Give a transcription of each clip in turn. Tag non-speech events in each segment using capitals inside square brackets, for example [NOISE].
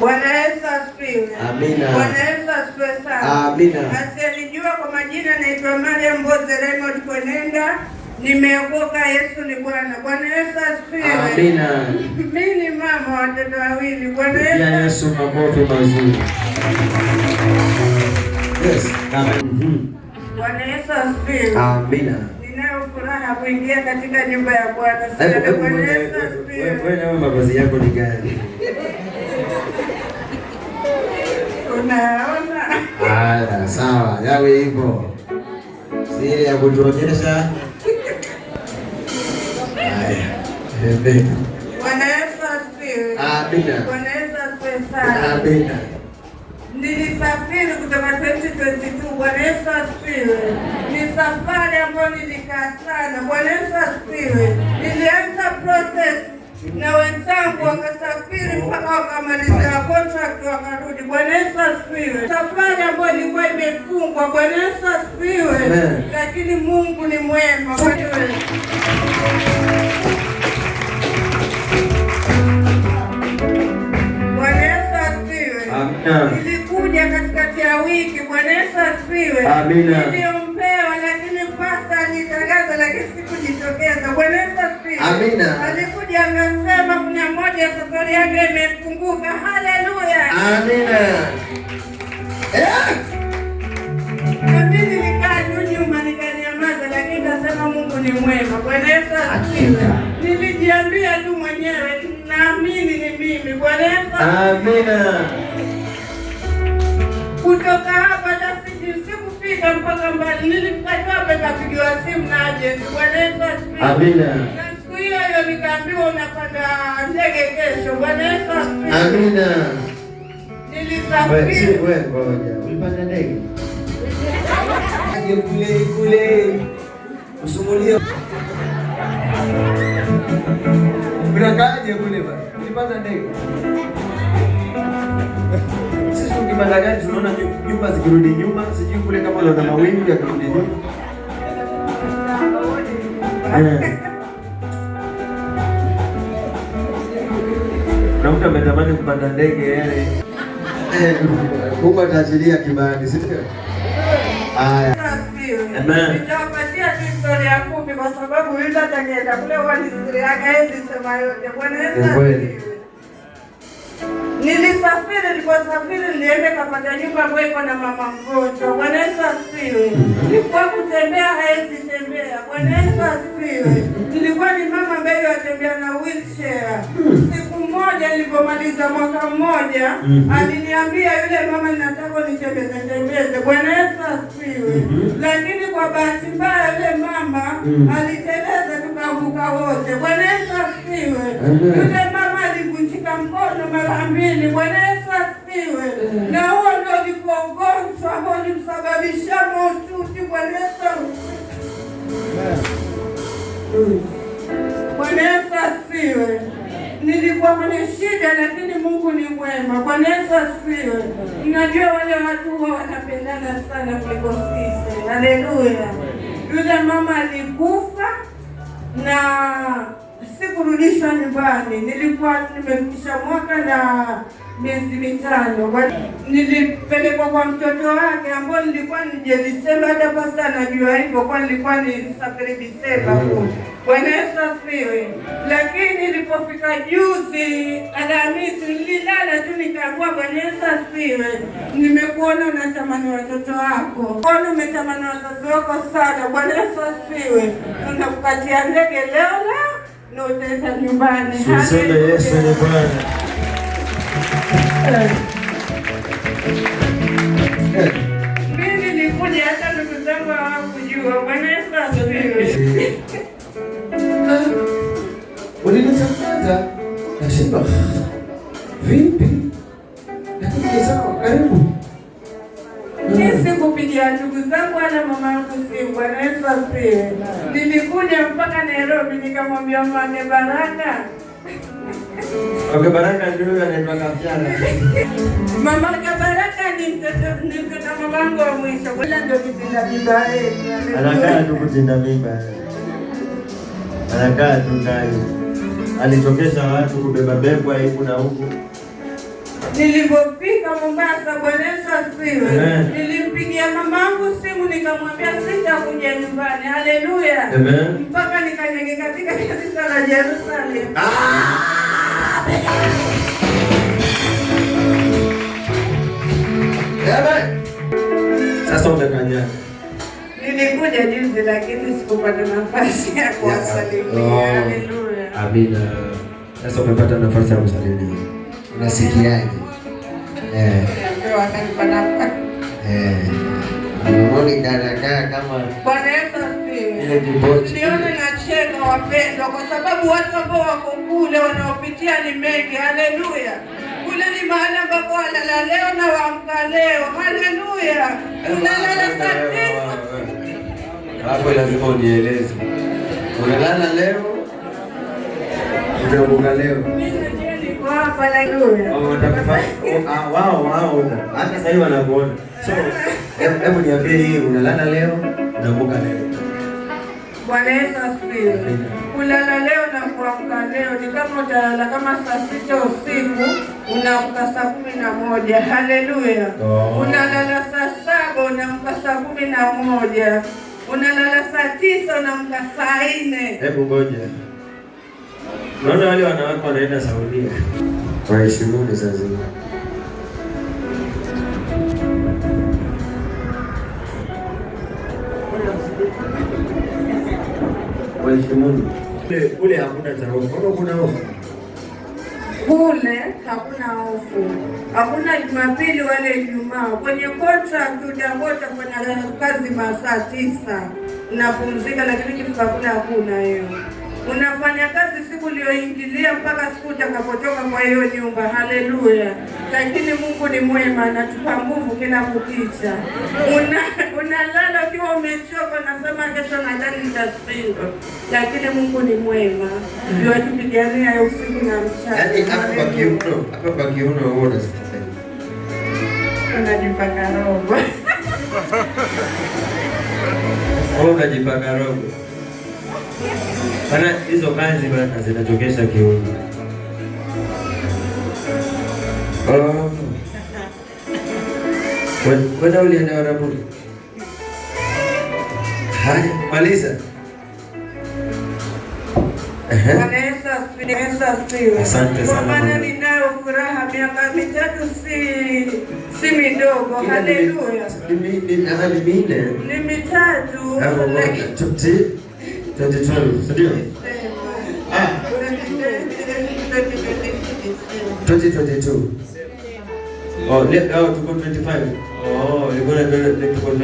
Bwana Yesu asifiwe. Amina. Bwana Yesu asifiwe sana. Amina. Asiyenijua kwa majina, naitwa Mariam Mboze Raymond Kwenenda. Nimeokoka, Yesu ni Bwana. Bwana Yesu asifiwe. Amina. Mimi ni mama wa watoto wawili. Bwana Yesu. Ya Yesu makofi mazuri. Yes. Amen. Bwana Yesu asifiwe. Amina. Ninayo furaha kuingia katika nyumba ya Bwana. Wewe mavazi yako ni gani? Unaona? Haya, sawa, yawe hivyo. Siri ya kutuonyesha. Haya. Wanaweza siri. Amina. Wanaweza sasa. Amina. Nilisafiri kutoka 2022. Bwana Yesu asifiwe. Ni safari ambayo nilikaa sana. Bwana Yesu asifiwe. Nilianza process na wenzangu wakasafiri mpaka wakamaliza kontrakti wakarudi. Bwana Yesu asifiwe. Safari ambayo ilikuwa imefungwa, Bwana Yesu asifiwe, lakini Mungu ni mwema. Bwana Yesu asifiwe. Nilikuja katikati ya wiki, Bwana Yesu asifiwe. Niliombewa lakini pasta alitangaza, lakini sikujitokeza. Bwana Amina. Alikuja amesema kuna moja safari yake imefunguka. Haleluya. Amina. Eh? mimi nikaa nyuma nikaniamaza lakini nasema Mungu ni mwema. Bwana Yesu asifiwe. Nilijiambia tu mwenyewe, naamini ni mimi. Bwana Yesu. Amina. Kutoka hapa sikufika mpaka mbali, nilipata hapa nikapigiwa simu na agent. Bwana Yesu Amina hivyo unapanda ndege kesho. Bwana Yesu asifiwe. Amina. Nilisafiri. gari tunaona nyumba zikirudi nyuma, sijui kule kama mawingu yakirudi nyuma. mtu ametamani kupanda ndege yale. [LAUGHS] Mungu ataachilia kibali, si ndio? Haya. Amen. Nitawapatia historia fupi kwa sababu yule atakayeenda kule yake hizi sema yote. Bwana Yesu. Nilisafiri, kapata nyumba ambayo iko na mama mgonjwa. Bwana Yesu asifiwe. Nilikuwa kutembea haezi tembea. Bwana Yesu asifiwe. Nilikuwa ni mama ambaye yatembea nilipomaliza mwaka mmoja mm -hmm. aliniambia yule mama, ninataka nitembeze tembeze. Bwana Yesu asifiwe. mm -hmm. Lakini kwa bahati mbaya yule mama mm -hmm. aliteleza tukaanguka wote. Bwana Yesu asifiwe. Yule mama alivunjika mkono mara mbili. Bwana Yesu asifiwe. na huo ndio ulikuwa ugonjwa ambao ulimsababisha maututi. Bwana Yesu asifiwe. Bwana Yesu asifiwe nilikuwa kwenye shida, lakini Mungu ni mwema. Kwa Yesu asifiwe. Mnajua wale watu huwa wanapendana sana kuliko sisi. Haleluya. Yule mama alikufa na sikurudishwa nyumbani, nilikuwa nimefikisha mwaka na miezi nilipelekwa kwa mtoto wake ambao nilikuwa nijelisema hata pasta najua hivyo, kwa nilikuwa ni safiri Disemba huko. Mm. Bwana Yesu asifiwe. Lakini nilipofika juzi Alhamisi, nililala tu nikaagua. Bwana Yesu asifiwe. Nimekuona unatamani watoto wako, ona umetamani wazazi wako sana. Bwana Yesu asifiwe. Tunakupatia ndege leo na utaenda nyumbani. Yesu ni Bwana. Mimi ni hata ndugu zangu hawakujua. vipi? Lakini sawa, karibu. Mimi sikupigia ndugu zangu wala mama yangu simu. Bwana Yesu asifiwe. Nilikuja mpaka Nairobi nikamwambia Mfalme Baraka Wakabaraka ndio anaitwa Kafyala. Mama Kabaraka ni mtoto ni mtoto mwangu wa mwisho. Bila ndio kitinda mimba Anakaa tu kutinda mimba. Anakaa tu ndani. Alitokesha watu kubeba bebwa huku na huku. Nilipofika Mombasa, Bwana Yesu asifiwe. Nilimpigia mamangu simu nikamwambia sitakuja nyumbani. Haleluya. Mpaka nikanyage katika kanisa la Yerusalemu. Ah! Sasa oh. Amina. Sasa umepata nafasi ya kusalimia. Unasikiaje? Eh. eh. kama Bwana Yesu wapendwa, kwa sababu watu ambao wako kule wanaopitia ni mengi. Haleluya! Kule ni mahali ambapo walala leo na waamka leo. Haleluya! unalala saa tisa hapo, lazima unieleze, unalala leo, unaamka leo oh, oh, ah, wao hata sahii wanakuona. So hebu niambie hii, unalala leo, unaamka leo Bwana Yesu asifiwe. Kulala leo na kuamka leo ni kama utalala kama saa sita usiku unaamka saa kumi na moja. Haleluya! Oh. Unalala saa saba unaamka saa kumi na moja. Unalala saa tisa unaamka saa nne. Hebu ngoja, naona wale wanawake wanaenda Saudia, waheshimuni saa Mwenyezi Mungu. Kule hakuna cha hofu. Kuna hofu kule hakuna hofu, hakuna Jumapili wale Ijumaa. Kwenye contract utangota kwenye kazi masaa tisa na lakini kitu hakuna, hakuna hiyo. Unafanya kazi siku uliyoingilia mpaka siku utakapotoka kwa hiyo nyumba. Haleluya! Lakini Mungu ni mwema, anatupa nguvu kila kukicha. Unalala una ukiwa umechoka, nasema kesho nadhani nitashindwa, lakini Mungu ni mwema, ndio atupigania ya usiku na mchana. Yaani, hapa kwa kiuno unasikia unajipaka robo unajipaka robo Bana, hizo kazi bana zinachokesha kiuno. Oh. Kwenda ulienda Arabuni? Haya, maliza. Asante sana. Ninayo furaha miaka mitatu si si midogo. Haleluya. Ni mitatu. Ah. Oh, oh, oh,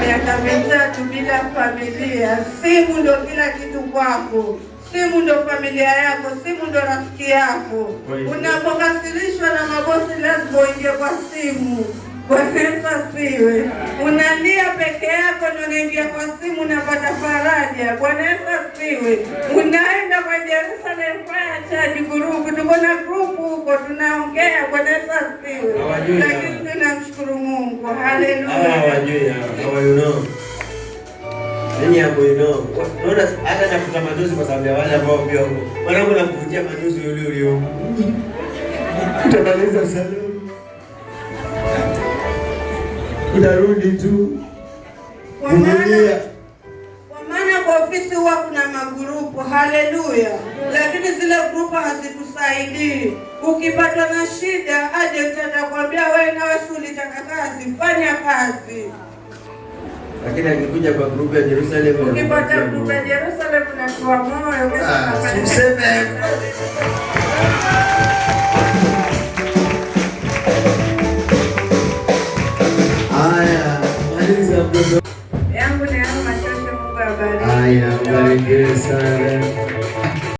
Miaka mitatu bila familia. Simu ndo kila kitu kwako. Simu ndo familia yako, simu ndo rafiki yako. Unapokasirishwa na mabosi, lazima uingie kwa simu. Bwana Yesu asiwe. Unalia peke yako ndio unaingia kwa simu unapata faraja. Bwana Yesu asiwe. Unaenda kwa Jerusalem Fire Charge group, tuko na group huko tunaongea. Bwana Yesu asiwe. Lakini tunamshukuru Mungu. Haleluya. Hawajui hawa you Nini hapo you know. Unaona hata nafuta manuzi kwa sababu ya wale ambao pia huko. Wanangu nakuvutia manuzi yule yule huko. Tutamaliza salama. unarudi tu kudunia kwa ofisi huwa kuna magrupu haleluya, lakini zile grupu hazikusaidii. Ukipatwa na shida, ajenti atakwambia wewe nawe si ulitaka kazi, fanya kazi. Lakini akikuja kwa grupu ya Jerusalem, ukipata grupu ya Jerusalem, kwa moyo ah, useme I am Jaya Vargasara